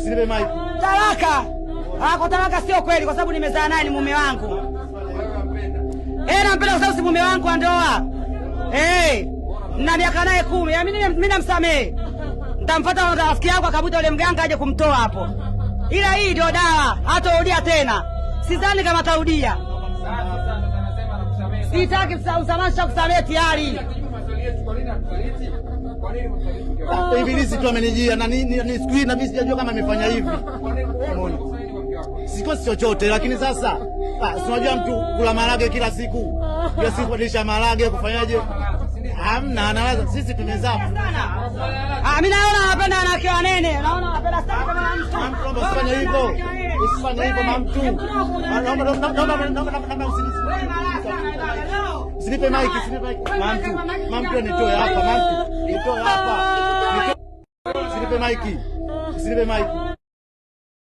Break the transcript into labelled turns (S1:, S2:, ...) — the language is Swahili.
S1: Usinipe maiki. Talaka. Ah, kwa talaka sio kweli kwa sababu nimezaa naye ni mume wangu. Eh, nampenda kwa sababu si mume wangu wa ndoa. Eh. Na miaka naye 10. Eh, mimi mimi namsamehe. Nitamfuata rafiki yangu akabuta yule mganga aje kumtoa hapo. Ila hii ndio dawa, hatarudia tena. Sidhani kama tarudia. Sitaki usamaha kusamehe tayari.
S2: Ibilisi tu amenijia na siku hii, na mimi sijajua kama amefanya hivi, sikosi chochote. Lakini sasa unajua, mtu kula marage kila siku, kila siku kubadilisha marage, kufanyaje? Hamna, anawaza sisi tumezaa.
S1: Mimi naona anapenda wanawake wanene, naona anapenda
S2: sana. Usifanye hivyo, usifanye hivyo mamtu. Sinipe maiki, sinipe maiki. Mamtu, mamtu nitoe hapa, mamtu. Nitoe hapa. Sinipe maiki. Sinipe maiki.